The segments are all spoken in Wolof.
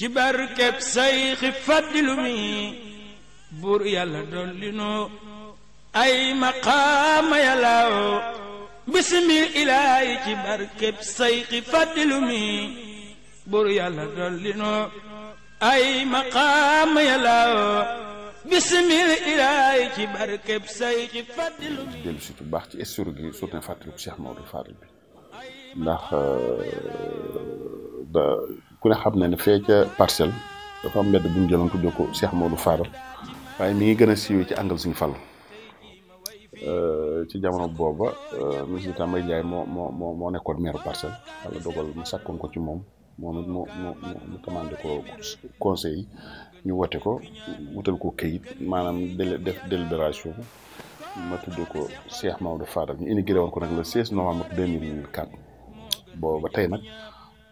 ci barkeb sayxi faddilu mi buur yàlla dolli noo ay maqaama yàllaaw bisimil ilaahi ci barkeb sayxi faddilu mi buur yàlla dolli noo ay maqaama yàllaaw bisimil ilaahi ci barkeb sayxi faddilu mi dellu si bu baax ci histoire gi surtout fàttaliku Cheikh Maodo Fall bi ndax da euh, ku ne xam na ne fee ca parcelle dafa am mbedd bu ñu jëloon tuddee ko Cheikh Modou Fadal waaye mi ngi gën a siiwee ci angal suñu fàll euh, ci jamono booba euh, monsieur Tambay Ndiaye moo moo moo moo nekkoon maire parcelle wala dogal mu sakkoon ko ci moom moom it mu mu mu commandé ko conseil yi ñu wote ko wutal ko këyit maanaam délé def délibération ma tuddee ko Cheikh Maodo Fadal ñu inauguré woon ko nag le 16 novembre 2004 booba tey nag.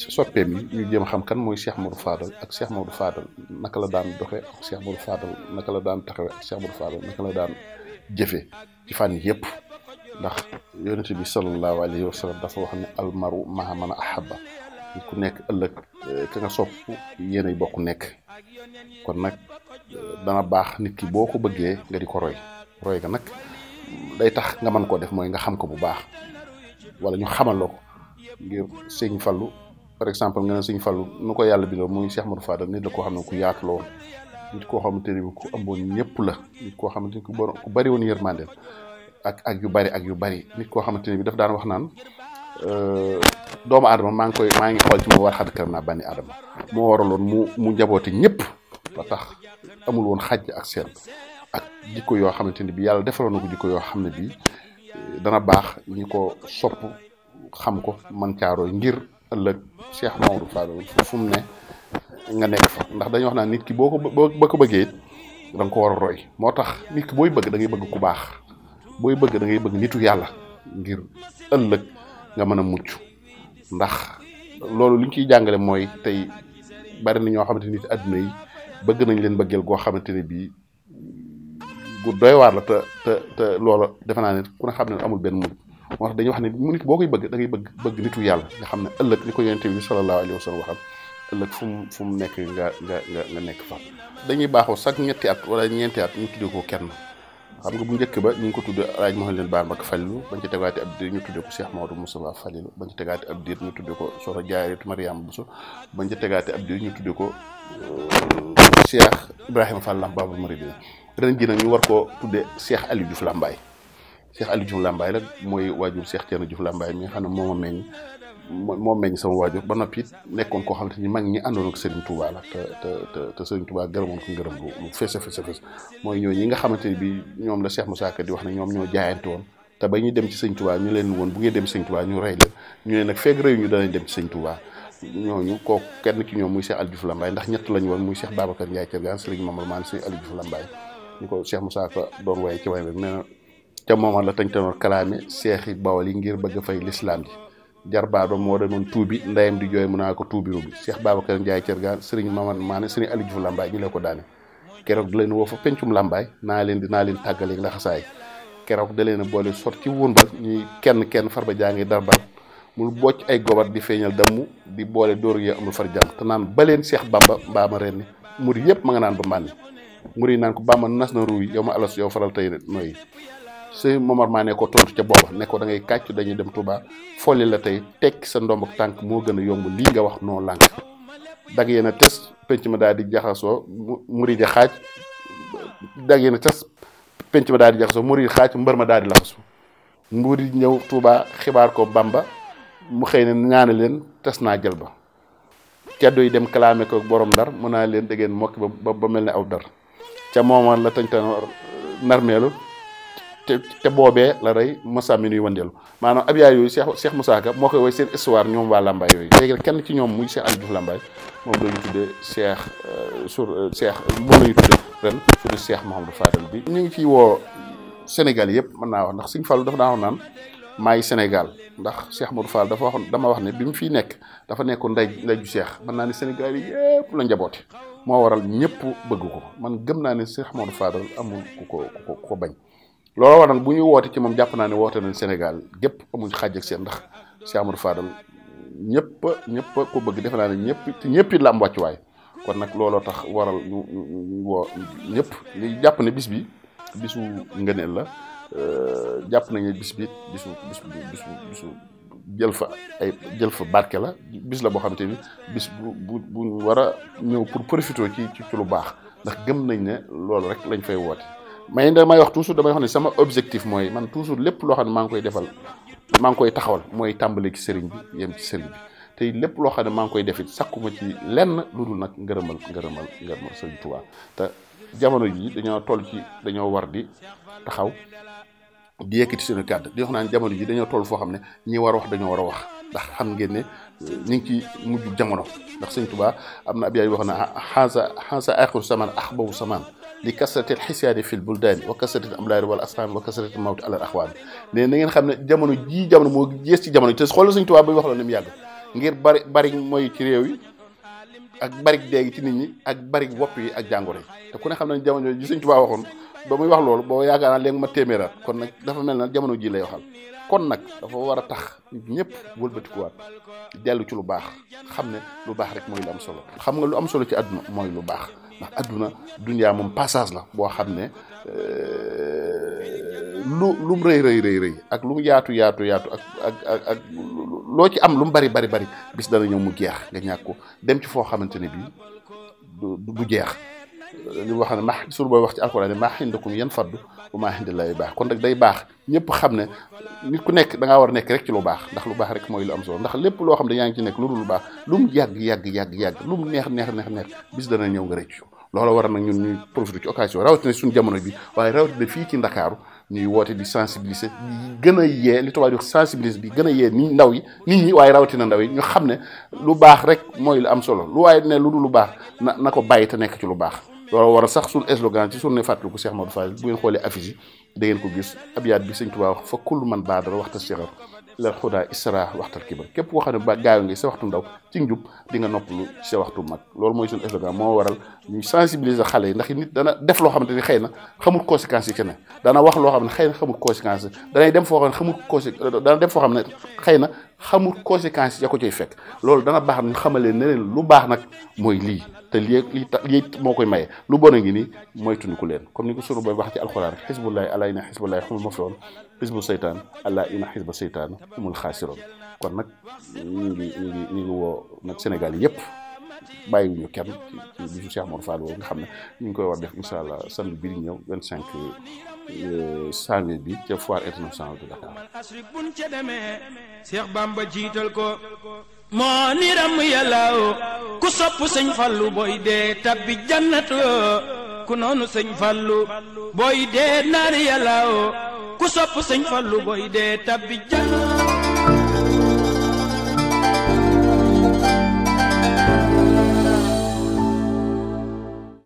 ci soppeem yi ñu jëm xam kan mooy Cheikh Modou Fadal ak Cheikh Modou Fadal naka la daan doxé ak Cheikh Modou Fadal naka la daan taxawé ak Cheikh Modou Fadal naka la daan jëfé ci fan yépp ndax yonente bi sallallahu alayhi wa sallam dafa wax ne almaru maa man a ahaba ku nekk ëllëg eh, ka nga sopp yéen ay bokk nekk kon nag eh, dana baax nit ki boo ko bëggee nga di ko roy roy ga nag day tax nga man ko def mooy nga xam ko bu baax wala ñu xamal la ko ngir sëñ fallu par exemple nga seigne sëñ Fallu nu ko yàlla muy Cheikh mourou Fadal nit la ko xamne ku yaat lo woon nit koo xamante ku ëmboon ñepp la nit ko xamante ku bari won yermande ak ak yu bari ak yu bari nit ko xamante ni bi daf daan wax naan euh, doomu adama ma ngi koy ma ngi xol ci mu war xad karam bani adama mo waralon mu mu njaboti ñepp ba tax amul won xajj ak seen ak jikko yo xamante ni bi yalla defaloon na ko jikko yo xamne bi dana bax ñiko ko sopp xam ko man ciaro ngir ëllëg Cheikh Mamadou Fadal fu mu ne nga nekk fa ndax dañuy wax naan nit ki boo ko ba bëggee it da ko war a roy moo tax nit ki booy bëgg dangay bëgg ku baax booy bëgg da ngay bëgg nitu yàlla ngir ëllëg nga mën a mucc ndax loolu li ñu ciy jàngale mooy tey bari na ñoo xamante nit àdduna yi bëgg nañ leen bëggeel goo xamante ne bii gu doy waar la te te loolo loola naa ne ku ne xam ne amul benn mucc moo tax dañuy wax ne mu nit boo koy bëgg da ngay bëgg bëgg nitu yàlla nga xam ne ëllëg ni ko yonente bi sallallahu alayhi wa sallam waxal ëllëg fu mu mu nekk nga nga nga nga nekk fa dañuy baaxoo chaque ñetti at wala ñeenti at ñu tuddee ko kenn xam nga bu njëkk ba ñu ngi ko tudde alaaj Mouhamed leen Bamba Falilu bañ ci tegaati ab diir ñu tudde ko Cheikh Maodo Moustapha Falilu bañ ci tegaati ab diir ñu tudde ko Soxna Jaaratu Mariama Bousso bañ ci tegaati ab diir ñu tudde ko euh, Cheikh Ibrahima Fall Lamp Babul Mouridina ren ji nag ñu war koo tudde Cheikh Aliou Diouf Lambaye Cheikh Aliou Diouf Lambaye rek mooy waajur Cheikh Thierno Diouf Lambaye mi xam ne moom ma meññ moo meññ sama waajur ba noppi nekkoon koo xamante ni mag ñi àndoon ak Serigne Touba la te te te Serigne Touba gërëmoon ko ngërëm lu fës mooy ñoo ñi nga xamante ni bi ñoom la Cheikh Moussa Ka di wax ne ñoom ñoo jaayante woon ba ñuy dem ci Serigne Touba leen woon bu ngeen dem ci Serigne ñu rey leen ñu ne nag feeg rëyu ñu danañ dem ci Serigne Touba ñooñu ñoom muy Cheikh Aliou Diouf Lambaye ndax ñett lañu woon muy Cheikh Babacar Ndiaye Thiergane Serigne Mamadou Mane Serigne ko Cheikh Moussa Ka doon waye ci way rek nee ca mooma la tëñtanoor kalaame seexi bawal yi ngir bëgg fay lislaam ji jarbaat ba moo demoon tuubi ndeyam di jooy mu naa ko tuubi bi Cheikh Babacar Ndiaye Thiergane sëriñ Mamad Maane sëriñ Aliou Diouf Lambaay ñu la ko daane keroog da leen woo fa pencum Lambaay leen di leen tàggaleeg laxasaay keroog da leen a boole sot ci wunbal ñuy kenn kenn farba jaangi darbaat mu bocc ay gobat di feeñal damm di boole dóor yoo amul far jàmm te naan ba leen Cheikh Bamba mbaama ren ni murid yëpp ma nga naan ba mbànni murid naan ko Bamba nas na ruuy yow ma alas yow faral tey nooyi sëñ Momar maa ne ko tontu ca booba ne ko da ngay dañuy dem Touba folli la tey tekki sa ndomb tànk moo gën a yomb lii nga wax noo lànk dag yéen tes penc ma daal di jaxasoo muri di xaaj dag yéen a tes penc ma daal di jaxasoo muri di xaaj mbër ma daal di laxasu mburi ñëw Touba xibaar ko Bamba mu xëy ne ñaane leen tes naa jël ba ceddo yi dem kalaame ko borom ndar mun naa leen déggeen mokki ba ba mel ne aw dar ca moomoon la tañ tan narmeelu te te boobee la rey Massa mi nuy wandeelu maanaam ab yaay yooyu Cheikh Cheikh Moussa Ka moo koy woy seen histoire ñoom waa Lambaay yooyu léegi kenn ci ñoom muy Cheikh Aliou Diouf Lambaay moom la ñu tuddee Cheikh euh, sur euh, Cheikh moom la ñu tuddee ren suñu Cheikh Mouhamadou Fadel bi. ñu ngi ciy woo Sénégal yëpp mën naa wax ndax Sëñ Fallu dafa daa wax naan maay Sénégal ndax Cheikh Modou Fall dafa waxoon dama wax ne bi mu fii nekk dafa nekkoon ndey ndey ju Cheikh mën naa ne Sénégal yi yëpp la njaboote moo waral ñëpp bëgg ko man gëm naa ne Cheikh Modou Fadel amul ku ko ku ko bañ loolu waral bu ñuy wootee ci moom jàpp naa ne woote nañ Sénégal gépp amuñ xaaj ak seen ndax Cheikh Amadou Fadal ñëpp ñëpp ko bëgg defe naa ne ñëpp ñëpp it la am wàccuwaay kon nag looloo tax waral ñu woo ñëpp jàpp ne bis bi bisu ngëneel la euh, jàpp nañu bis bi bisu bisu bisu jël fa ay jël fa barke la bis la boo xam te ni bis bu bu bu war a ñëw pour profiter ci ci lu baax ndax gëm nañ ne loolu rek lañ fay woote. may damay wax toujours damay wax ne sama objectif mooy man toujours lépp loo xam ne maa ngi koy defal maa ngi koy taxawal mooy tàmbali ci sëriñ bi yem ci sëriñ bi tey lépp loo xam ne maa ngi koy def it sakkuma ci lenn lu dul nag ngërëmal ngërëmal ngërëmal sëriñ Tuubaa te jamono jii dañoo tool ci dañoo war di taxaw di ci seen kàddu di wax naan jamono ji dañoo tool foo xam ne ñi war a wax dañoo war a wax ndax xam ngeen ne نين كي موجود جمرة نخسين توبا أما أبي أيوه هنا هذا هذا آخر زمان أحبه زمان لكسرة الحسيان في البلدان وكسرة الأملاير والأسلام وكسرة الموت على الأخوان لأن نين خم جمرة جي جمرة موجود يستي جمرة تسخول سين توبا أبي هلا أيوة نمياك غير بار بارين موي كريوي أك بارك ديجي تنيني أك بارك وبي أك جانغوري تكون خم نجمرة جي سين توبا ba muy wax loolu boo yaakaar naa leen ma téeméeraat kon nag dafa mel na jamono ji lay waxal kon nag dafa war a tax ñëpp wëlbatikuwaat dellu ci lu baax xam ne lu baax rek mooy lu am solo xam nga lu am solo ci àdduna mooy lu baax ndax àdduna dunyaa moom passage la boo xam ne euh, lu lu rëy rëy rëy ak lu mu yaatu yaatu yaatu ak ak ak loo ci am lu mu bari bari bari bis dana ñëw mu jeex nga ñàkk ko dem ci foo xamante ne bii du du jeex li wax ne max suñu booy wax ci alxuraan ne maax indakum yan faddu bu maa indi lay baax kon rek day baax ñëpp xam ne nit ku nekk da ngaa war a nekk rek ci lu baax ndax lu baax rek mooy lu am solo ndax lépp loo xam ne yaa ngi ci nekk lu dul lu baax lu mu yàgg yàgg yàgg yàgg lu mu neex neex neex neex bis dana ñëw nga rëccu loolu war nag ñun ñuy profité ci occasion rawatina suñu jamono bi waaye rawatina fii ci ndakaaru ñuy woote di sensibiliser di gën a yee li tubaab di wax sensibiliser bi gën a yee ni ndaw yi nit ñi waaye rawatina ndaw yi ñu xam ne lu baax rek mooy lu am solo lu waaye ne lu dul lu baax na na ko bàyyi te nekk ci lu baax war a sax suñ slogan ci surne fàttaliku Cheikh Modou Fall bu ngeen xoolee affiche yi da ngeen ko gis abiyaat bi sëñ Tuubaa wax fa kull man baadara waxta sirar la xudaa isra waxtal kibar képp koo xam ne ba gaayo ngi sa waxtu ndaw ci njub di nga noppalu sa waxtu mag loolu mooy suñu slogan moo waral ñuy sensibiliser xale yi ndax nit dana def loo xamante ni xëy na xamul conséquences yi kenn dana wax loo xam ne xëy na xamul conséquences danay dem foo xam ne xamul conséquences dana dem foo xam ne xëy na xamul conséquences ya ko cay fekk loolu dana baax nu xamale ne leen lu baax nag mooy lii te li li lii moo koy maye lu bon a ngi ni mooy tund ku leen comme ni ko sunu booy wax ci alxuraan rek xisbullahi ala ina xisbullahi xumul mafiroon xisbu seytaan ala ina xisba seytaan xumul xaasiroon kon nag ñu ngi ñu ngi ñu ngi woo nag Sénégal yëpp bàyyiwuñu kenn ci bisu Cheikh Mor Fall nga xam ne ñu ngi koy war def incha allah samedi bii di ñëw 25 Euh, saamil bi ca foire internationale de Bamba jiital ko moo ni ram yàllaw ku sopp sëñ fallu booy dee tabbi jannatu ku noonu sëñ fallu booy dee naari yàllaw ku sopp sëñ fallu booy dee tabbi jannatu